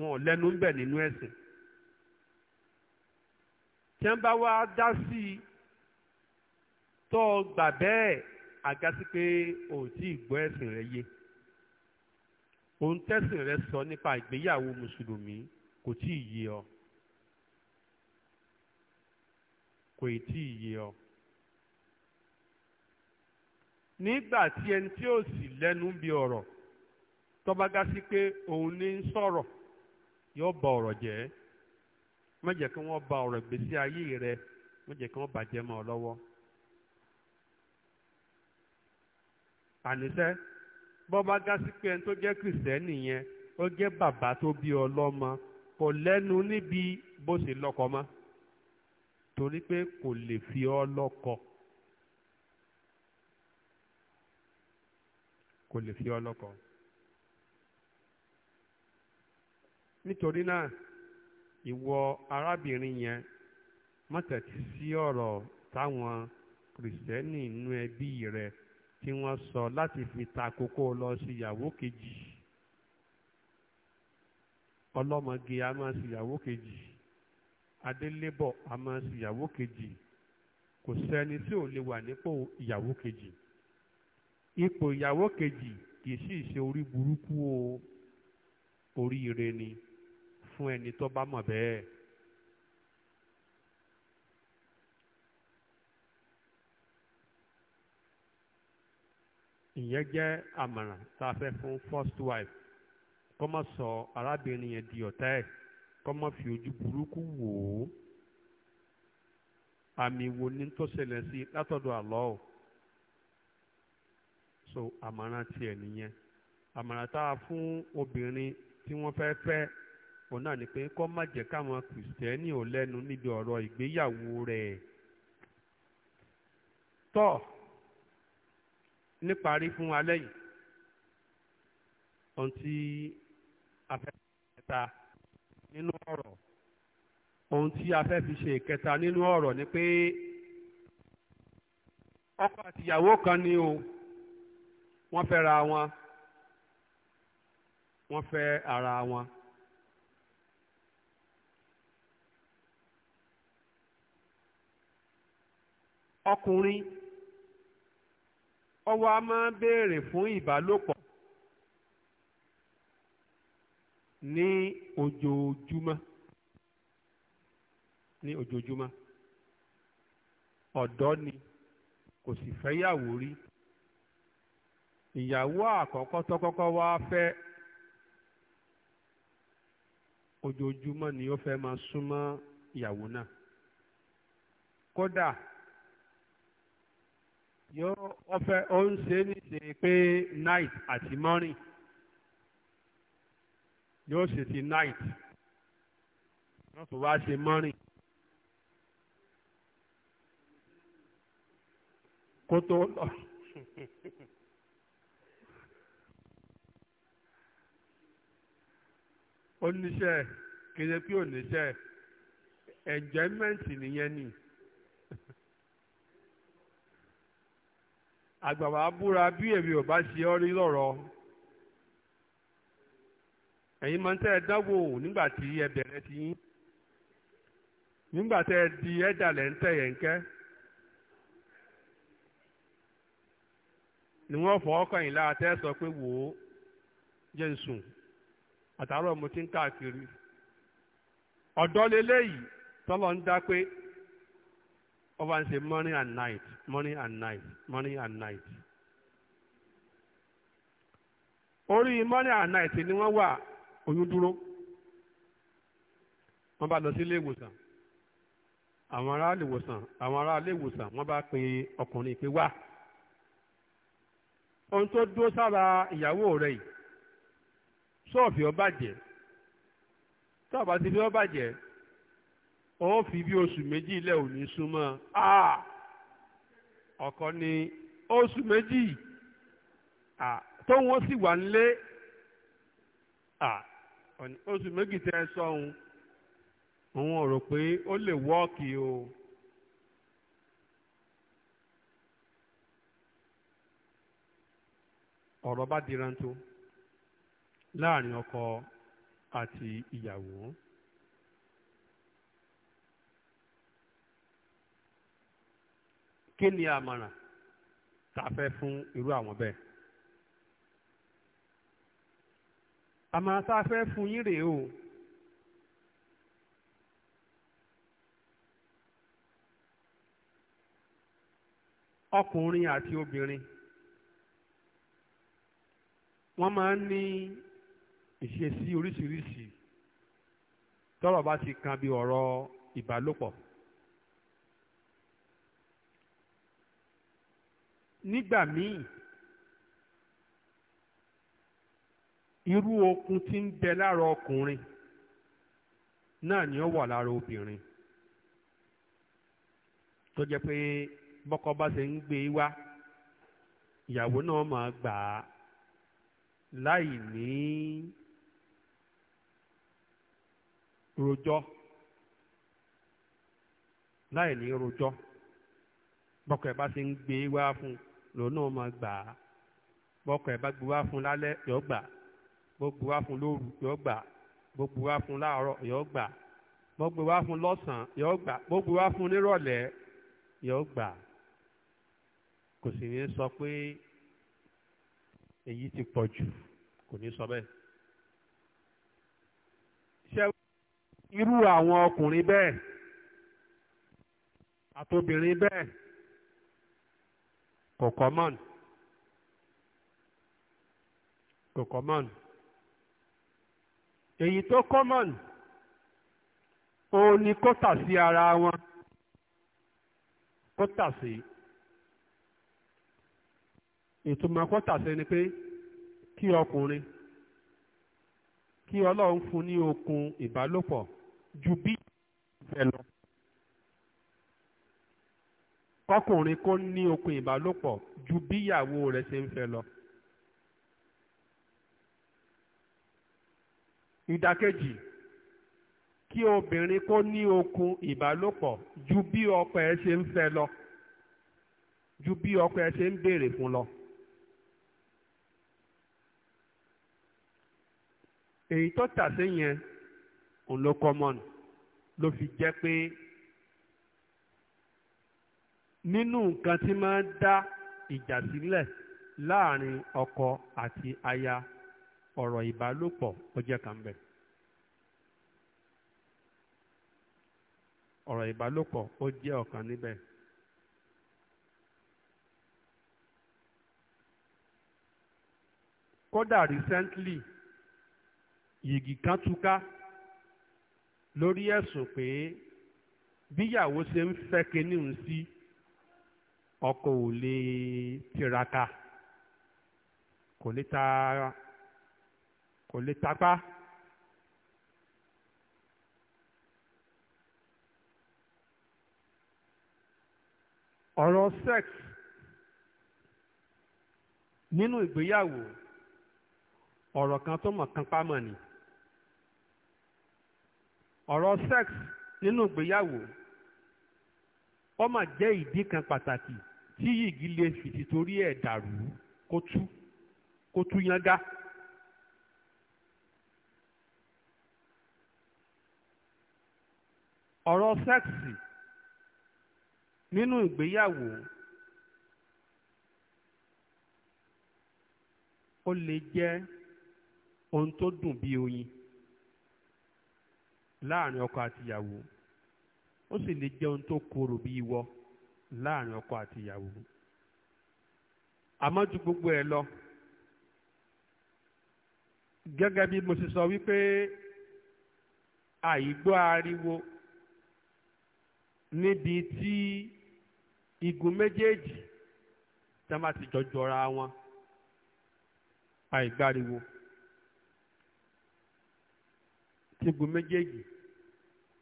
wọn ò lẹ́nu ń bẹ̀ nínú ẹ̀sìn tí wọ́n bá wá dá sí i tó o gbà bẹ́ẹ̀ àgásí pé o ò tí ì gbọ́ ẹ̀sìn rẹ yé ohun tẹ́sìn rẹ sọ nípa ìgbéyàwó mùsùlùmí kò tí ì yé ọ kò ì tí ì yé ọ nígbà tí ẹni tí ó sì lẹ́nu bí ọ̀rọ̀ tó bá gásí pé òun ní ń sọ̀rọ̀. yóò ba ọrọ jẹ má jẹ́ kí wọ́n ba ọrọ gbèsè ayé rẹ má jẹ́ kí wọ́n bàjẹ́ mọ́ ọ lọ́wọ́. àníṣẹ́ bọ́ba gásí pé ẹni tó jẹ́ kìrìsìtẹ́nì yẹn ó jẹ́ bàbá tó bí ọ kò lẹ́nu níbi bó ṣe lọ́kọ mọ́ torí pé kò lè fi ọ lọ́kọ. kò lè fi ọ lọ́kọ. nítorí náà ìwọ arábìnrin yẹn má tẹ̀tí sí ọ̀rọ̀ táwọn kìrìsìtẹ́nì inú ẹbí rẹ tí wọ́n sọ láti fi ta kókó lọ sí ìyàwó kejì ọlọ́mọge a máa sí ìyàwó kejì adélébọ̀ a máa sí ìyàwó kejì kò sẹ́ni tí ò lè wà nípò ìyàwó kejì ipò ìyàwó kejì kì í sì ṣe orí burúkú o oríire ni. fún ẹni tó bá mọ̀ bẹ́ẹ̀. ìyẹn jẹ́ àmàràn tá a fẹ́ fún first wife kó má sọ arábìnrin yẹn di ọ̀tá ẹ̀ kó má fi ojú burúkú wò ó àmì wo ni tó ṣẹlẹ̀ sí látọ̀dọ̀ àlọ́ ò so àmàràn tiẹ̀ nìyẹn àmàràn tá a fún obìnrin tí wọ́n fẹ́ fẹ́ òun náà ni pé kó má jẹ́ káwọn kìrìsìtẹ́nì ò lẹ́nu níbi ọ̀rọ̀ ìgbéyàwó rẹ̀ tọ́ níparí fún alẹ́ yìí ohun tí a fẹ́ fi kẹta nínú ọ̀rọ̀ ohun tí a fẹ́ fi ṣe kẹta nínú ọ̀rọ̀ ni pé ọkọ àtìyàwó kan ni o wọ́n fẹ́ ra wọn wọ́n fẹ́ ara wọn. ọkùnrin ọwọ́ a máa béèrè fún ìbálòpọ̀ ní ojoojúmọ́ ní ojoojúmọ́ ọ̀dọ́ ni kò sì fẹ́yàwó rí ìyàwó àkọ́kọ́ tọ́kọ́kọ́ kọ́kọ́ wá fẹ́ ojoojúmọ́ ni ó fẹ́ máa súnmọ́ ìyàwó náà kódà yóò ọfẹ ó ń ṣe é níṣe pé night àti morning yóò ṣe ti night yóò tó wá ṣe morning. kó tó lọ. oníṣẹ́ kìí ṣe pé oníṣẹ́ enjoyment nìyẹn ni. Yeni. àgbàwá búra bí èmi ò bá ṣe lọrọ. rí lọ́rọ̀ ẹ̀yin máa ń tẹ́ ẹ dánwò nígbà tí ẹ bẹ̀rẹ̀ ti yín nígbà tẹ́ ẹ di ẹ̀dà lẹ́ ń tẹ̀ ni wọ́n fọ ọkọ̀ sọ pé wò ó jẹ́ ń sùn àtàárọ̀ mo ti ń káàkiri ọ̀dọ́ tọ́lọ́ ń pé ó wá ń ṣe morning and night morning and night morning and night orí morning and night ni wọ́n wà oyún dúró wọ́n bá lọ sí ilé ìwòsàn àwọn ará ilé ìwòsàn àwọn ará ilé ìwòsàn wọ́n bá pe ọkùnrin pé wá ohun tó dúró sára ìyàwó rẹ̀ yìí sọ́ọ̀fì ó bàjẹ́ sọ́ọ̀bà ti fi ó bàjẹ́ ó fi bí oṣù méjì ilẹ̀ ò súnmọ́ a ọkọ ni oṣù méjì tóun ó sì wà nílé oṣù méjì tẹ ẹ sọhun òun ò rò pé ó lè wọ́ọ̀kì o. ọ̀rọ̀ bá di rántó láàrin ọkọ àti ìyàwó. kí ni àmọ̀ràn tá a fẹ́ fún irú àwọn bẹ́ẹ̀. àmọ̀ràn tá a fẹ́ fún yín rèé o. ọkùnrin àti obìnrin wọ́n máa ń ní ìṣesí oríṣiríṣi tọ́rọ̀ bá ti kan bí ọ̀rọ̀ ìbálòpọ̀. nígbà míì irú okun tí ń bẹ lára ọkùnrin náà ni ó wà lára obìnrin tó je pé bọkọ bá ṣe ń gbé e wá ìyàwó náà máa gbà á láì ní rojọ́ láì ní rojọ́ bọ́kọ bá ṣe ń gbé e wá fún un. lòun náà máa gbà á bọ́kọ ẹ̀ bá gbowá fún lálẹ́ yóò gbà bó gbowá fún lóru yóò gbà bó gbowá fún láàárọ̀ yóò gbà bó gbowá fún lọ́sàn-án yóò gbà bó gbowá fún nírọ̀lẹ́ yóò gbà kò sì ní sọ pé èyí ti pọ̀ jù kò ní sọ bẹ́ẹ̀. ṣé irú àwọn ọkùnrin bẹ́ẹ̀ àtobìnrin bẹ́ẹ̀ kò common kò common èyí tó common òun ni kó tà sí ara wọn kó tà sí ìtumọ̀ kó tà sí ni pé kí ọkùnrin kí ọlọ́run fún ní okun ìbálòpọ̀ ju bí ìfẹ́ kọkùnrin kó ní okùn ìbálòpọ̀ ju bíyàwó rẹ̀ ṣe ń fẹ́ lọ. ìdàkejì kí obìnrin kó ní okun ìbálòpọ̀ ju bí ọkọ ẹ ṣe ń fẹ́ lọ ju bí ọkọ ẹ ṣe ń béèrè fún lọ. èyí tó tà sí yẹn òun ló kọ́ mọ́nù ló fi jẹ́ pé nínú nǹkan tí máa ń dá ìjà sílẹ̀ láàrin ọkọ àti aya ọ̀rọ̀ ìbálòpọ̀ ó kan bẹ̀. ọ̀rọ̀ ìbálòpọ̀ ó jẹ́ ọ̀kan níbẹ̀. kódà recently yìgì kan túká lórí ẹ̀sùn pé bíyàwó ṣe ń fẹ́ kinní sí. Si, ọkọ ò lè tiraka kò lè ta kò lè tapá. ọ̀rọ̀ sex nínú ìgbéyàwó ọ̀rọ̀ kan tó mọ̀ kan pámọ̀ ni ọ̀rọ̀ sex nínú ìgbéyàwó ó mà jẹ́ ìdí kan pàtàkì tí yìgì lè fìtì torí ẹ̀ dàrú kó tú kó tú yángá. ọ̀rọ̀ sẹ́ẹ̀sì nínú ìgbéyàwó ó lè jẹ́ ohun tó dùn bí oyin láàrin ọkọ àtìyàwó ó sì lè jẹ́ ohun tó korò bí ìwọ láàrin ọkọ àti ìyàwó àmọ́ ju gbogbo ẹ̀ lọ gẹ́gẹ́ bí mo ṣe sọ wípé àìgbọ́ ariwo níbi tí igun méjèèjì tí wọ́n bá ti jọ jọra wọn àìgbáriwo tí igun méjèèjì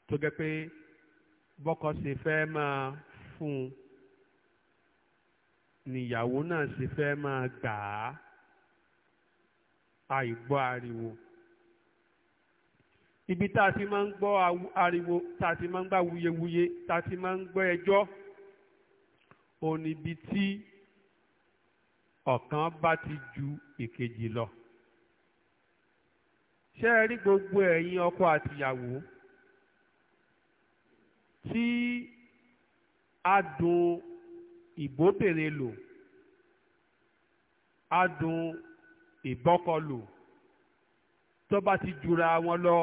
tó gẹ́ pé bọ́kọ ṣe fẹ́ máa fún un nìyàwó náà sì fẹ́ máa gbà á àìgbọ́ ariwo ibi tá a ti máa ń gbọ́ ariwo tá a ti máa ń gbà wuyewuye tá a ti máa ń gbọ́ ẹjọ́ òun ibi tí ọ̀kan bá ti ju ìkejì lọ ṣé ẹ rí gbogbo ẹ̀yin ọkọ àtìyàwó tí adùn ìbóbìnrin lò adùn ìbọ́kọ lò tó bá ti jura wọn lọ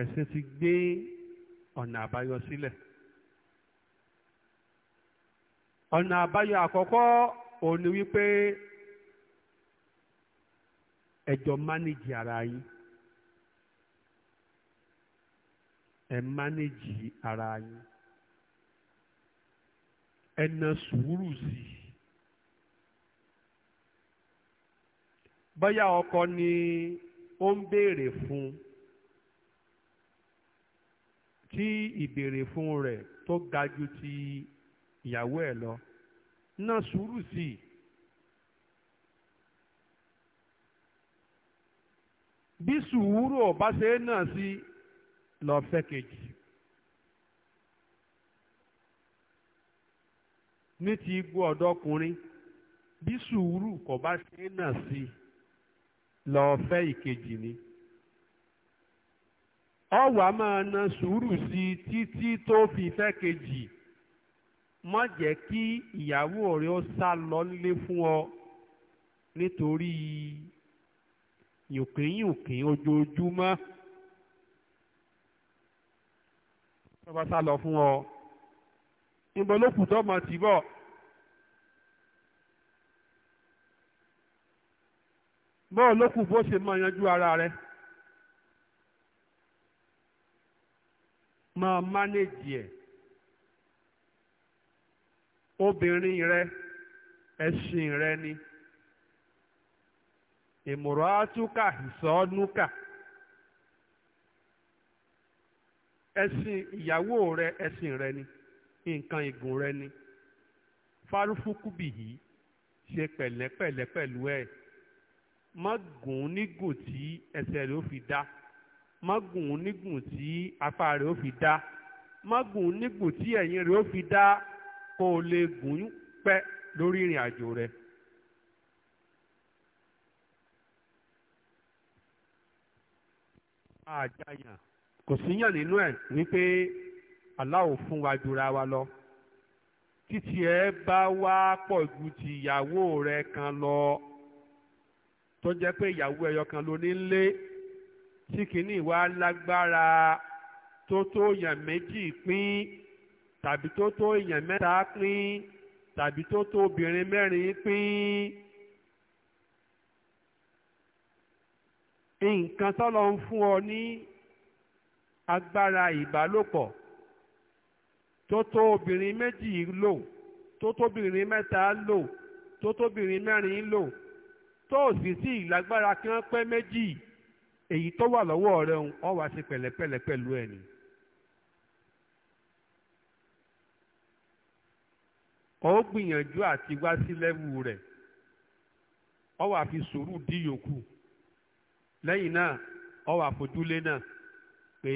ẹ̀sìn ti gbé ọ̀nà àbáyọ sílẹ̀ ọ̀nà àbáyọ àkọ́kọ́ òun ni wípé ẹjọ́ mánéjì ara yín. ẹ mánéjì ara yín ẹ na sùúrù sí i bóyá ọkọ ni ó ń béèrè fún tí ìbéèrè fún rẹ̀ tó ga ju ti ìyàwó ẹ̀ lọ na sùúrù sí i. bí sùúrù ọba ṣe náà sí i lọ fẹ́ kejì. ní ti igbó ọ̀dọ́kùnrin bí sùúrù kò bá ṣe é nà sí lọ fẹ́ ìkejì ni. ọ̀wà máa na sùúrù sí i títí tó fi fẹ́ kejì má jẹ́ kí ìyàwó rẹ ó sá lọ nílé fún ọ nítorí yùnkín ojoojúmọ́. tó bá sá lọ fún ọ níbo ló kù tó mọ tì bọ. bọ́ọ̀ ló kù bó ṣe mọ yanjú ara rẹ. máa mánéjì ẹ̀ obìnrin rẹ ẹ̀sìn rẹ ni ìmùrọ̀ àtúkà ìsọ̀ọ́nùkà. E ẹ̀sìn ìyàwó rẹ ẹ̀sìn rẹ ni nǹkan ìgùn rẹ ni fárúfúkú bì yìí ṣe pẹ̀lẹ́pẹ̀lẹ́ pẹ̀lú ẹ̀ má gùn nígùn tí ẹsẹ̀ rẹ ó fi dá má gùn nígùn tí apá rẹ ó fi dá má gùn nígùn tí ẹ̀yìn rẹ ó fi dá kó o lè gùn pẹ́ lórí ìrìn àjò rẹ. àjàyàn kò síyàn nínú ẹ̀ wípé aláwo fún wa jura wa lọ títí ẹ bá wá pọ̀ ju ti ìyàwó rẹ kan lọ tó jẹ́ pé ìyàwó ẹyọ kan ló ní lé tí kìíní wa lágbára tó tó èèyàn méjì pín tàbí tó tó èèyàn mẹ́ta pín tàbí tó tó obìnrin mẹ́rin pín. nǹkan tọ́lọ́ ń fún ọ ní agbára ìbálòpọ̀ tó tó obìnrin méjì lò tó tóbìnrin mẹ́ta lò tó tóbìnrin mẹ́rin lò tó sì sí ìlágbára kí wọ́n pẹ́ méjì èyí tó wà lọ́wọ́ rẹ̀ ń ọ wá sí pẹ̀lẹ́pẹ̀lẹ́ pẹ̀lú ẹ̀ ó gbìyànjú àti wá sí lẹ́wù rẹ̀ ọ wá fi sùúrù dí yòókù lẹ́yìn náà ọ wá fojúlé náà pé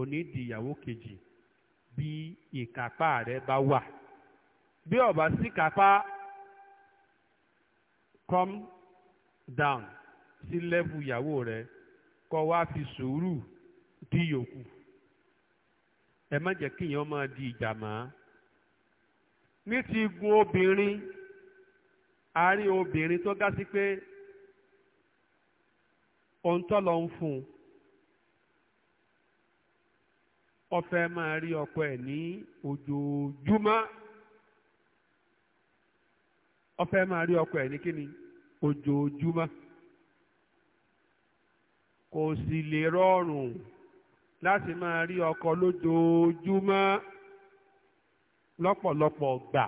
onídìí ìyàwó kejì bí ìkápá rẹ bá wà bí ó bá sí kápá come down sí lẹ́fù ìyàwó rẹ kọ́ wá fi sùúrù dí yòókù ẹ má jẹ́ kí èèyàn máa di ìjà mọ́ ní ti gun obìnrin a rí obìnrin tó gá sí pé ohun tó lọ ń fún un Ọfẹ ma máa rí ọkọ ẹ̀ ní ojoojúmọ́ ó máa rí ọkọ ẹ̀ ní kíni kò sì lè rọrùn láti máa rí ọkọ lójoojúmọ́ lọ́pọ̀lọpọ̀ gbà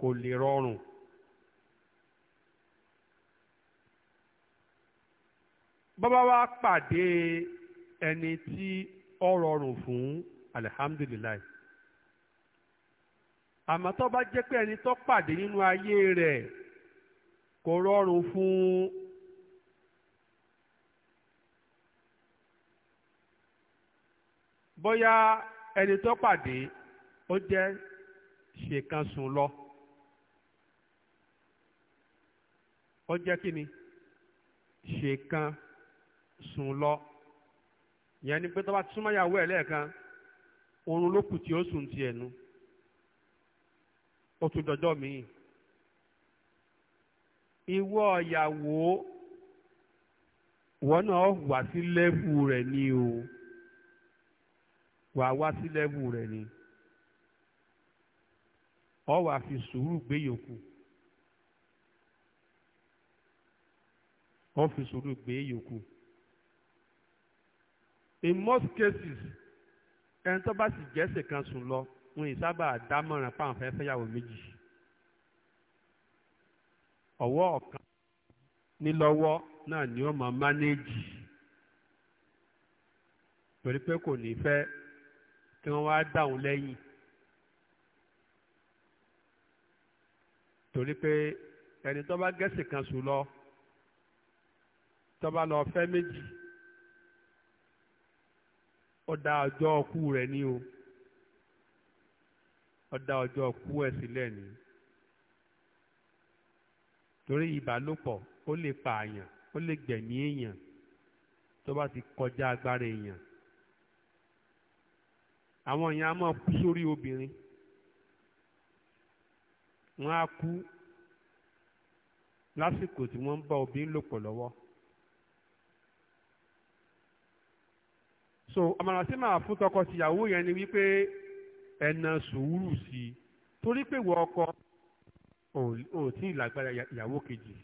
kò lè rọrùn. bọ́bá wa pàdé ẹni tí ó rọrùn fún alihamdulilayi àmọ́ tó bá jẹ́ pé ẹni tó pàdé nínú ayé rẹ̀ kò rọrùn fún bóyá ẹni tó pàdé ó jẹ́ ṣèkan sùn lọ ó jẹ́ kí ni ṣèkan sùn lọ. ìyẹn ni pé tó bá ti ẹ̀ lẹ́ẹ̀kan oorun ló kù tí ó sùn tiẹ̀ nu ó tún dọjọ́ míì ìwọ ìyàwó wọn sí rẹ̀ ni o wà wá sí lẹ́bù rẹ̀ ni ọ wà fi sùúrù gbé yòókù ọ fi sùúrù gbé yòókù. in most cases ẹni tó bá sì jẹ́sẹ̀ kan sùn lọ wọn ì sábà dámọ̀ràn páwọn fẹ́ fẹ́yàwó méjì ọwọ́ ọ̀kan nílọ́wọ́ náà ni ó máa mánéèjì torí pé kò ní fẹ́ kí wọ́n wá dáhùn lẹ́yìn torí pé ẹni tó bá gẹ̀ẹ́sì kan sùn lọ tó bá lọ fẹ́ méjì ọ̀dà ọjọ́ ọkú rẹ̀ ní o ọ̀dà ọjọ́ ọkú ẹ̀ sílẹ̀ ni torí ìbálòpọ̀ ó lè pààyàn ó lè gbẹ̀mí èèyàn tó bá ti kọjá agbára èèyàn àwọn èèyàn á máa kú sórí obìnrin wọ́n á kú lásìkò tí wọ́n ń bá obìnrin lòpọ̀ lọ́wọ́. so àmàlà tí màá fún tọkọ-tìyàwó yẹn ni wípé ẹ̀nà sùúrù sí i torí pé wọ ọkọ ò tí ì lágbára ìyàwó kejì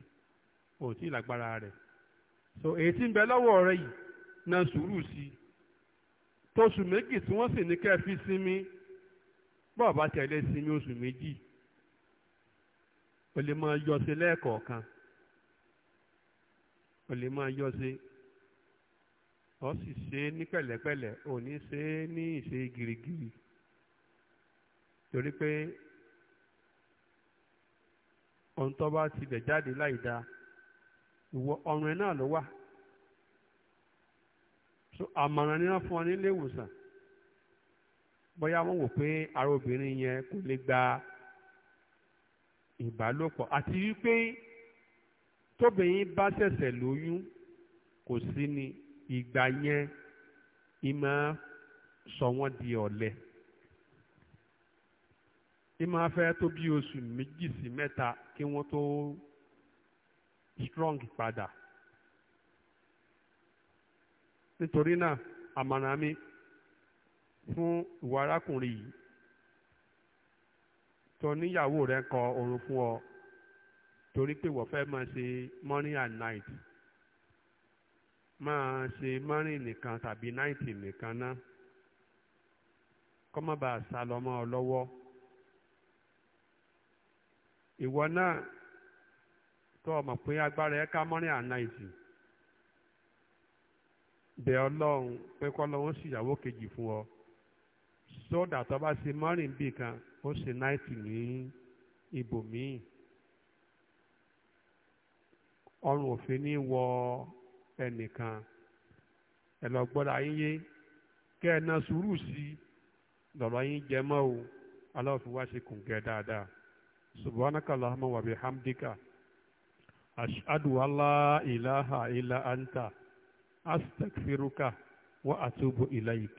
ò tí ì lágbára rẹ̀ so èyí tí ń bẹ lọ́wọ́ rẹ yìí na sùúrù sí i tóṣù méjì tí wọ́n sì ní kẹ́ fi sinmi bọ́ọ̀ bá tẹ̀lé sinmi oṣù méjì o lè máa yọ sí lẹ́ẹ̀kọ̀ọ̀kan o lè máa yọ sí ó sì ṣe é ní pẹ̀lẹ́pẹ̀lẹ́ ò ní ṣe é ní ìṣe girigiri torí pé ohun tó bá ti bẹ̀ jáde láì ìwọ ọrùn ẹ náà ló wà so àmọ̀ràn ni wọ́n fún ọ nílé ìwòsàn bóyá wọ́n wò pé ara obìnrin yẹn kò lè gba ìbálòpọ̀ àti wípé tóbìnrin bá ṣẹ̀ṣẹ̀ lóyún kò sí ni ìgbà yẹn ìmọ̀ sọ wọ́n di ọ̀lẹ ìmọ̀ afẹ́ tó bí oṣù méjì sí mẹ́ta kí wọ́n tó strong padà nítorí náà àmàrà mi fún ìwà arákùnrin yìí tó níyàwó rẹ̀ kọ orun fún ọ torí pé wọ́n fẹ́ máa ṣe morning and night máa ṣe márìn nìkan tàbí náìtì nìkan ná kọ́ má bàa sá lọ mọ́ ọ lọ́wọ́ ìwọ náà tó o mọ̀ pé agbára ẹ ká mọ́rin ànáìtì bẹ̀ ọlọ́run pé kọ́ lọ́wọ́ sì ìyàwó kejì fún ọ sódà tó bá ṣe mọ́rin bì kan ó ṣe náìtì ní ibòmíì ọrùn òfin ní wọ ẹnìkan ẹ lọ gbọ́dọ̀ ayé yé kẹ́ ẹ na sùúrù sí lọ́rọ̀ yín jẹ mọ́ o aláwọ̀ fi wá ṣe kùn gẹ́ dáadáa subhanaka allahumma wa bihamdika ashhadu an ilaha illa anta astaghfiruka wa atubu ilaik.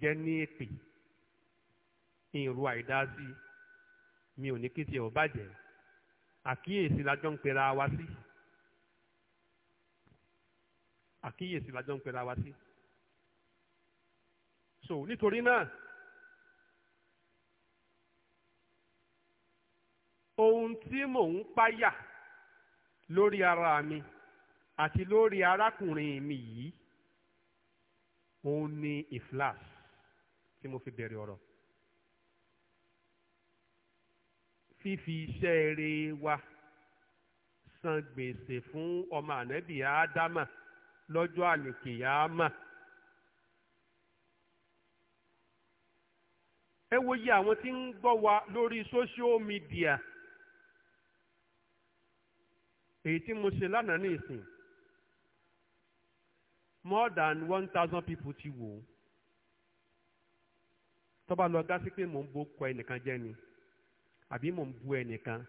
jẹ́ ní èpè ìrù àìdá sí mi ò ní kí tiẹ̀ ò bàjẹ́ àkíyèsí la jọ ń pera wa sí àkíyèsí la jọ ń pera wa sí so nítorí náà ohun tí mò ń páyà lórí ara mi àti lórí arákùnrin mi yìí òun ni ìflas tí mo fi bẹ̀rẹ̀ ọ̀rọ̀. fífi iṣẹ́ eré wa san gbèsè fún ọmọ ànẹ́bì ádámà lọ́jọ́ àlèkèyàmà. ẹ wo iye àwọn tí ń gbọ́ wa lórí social media èyí tí mo ṣe lánàá ní ìsìn more than one thousand people ti wò ó tó bá lọ gá sí pé mò ń bo kọ ẹnìkan jẹ́ ni àbí mò ń bu ẹnìkan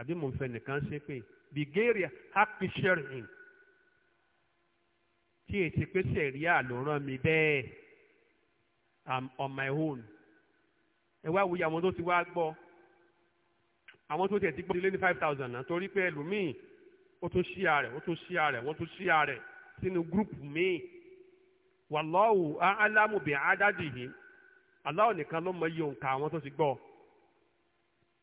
àbí mò ń fẹ́ nìkan ṣépè bìgẹ́rì hapisherin tí èsì pé sẹ̀ríà ló mi bẹ́ẹ̀ i'm on my own ẹ wá wòye àwọn tó ti wá gbọ́ àwọn tó tiẹ̀ ti gbọ́ ilé ní five thousand náà torí pé ẹlòmíì ó tún ṣí ààrẹ ó tún ṣí ààrẹ wọ́n tún ṣí ààrẹ sínú gúrùpù míì wallahu a'lamu bi'adadihim Allah nìkan ló mọ iye òǹkà àwọn tó ti gbọ́ ọ.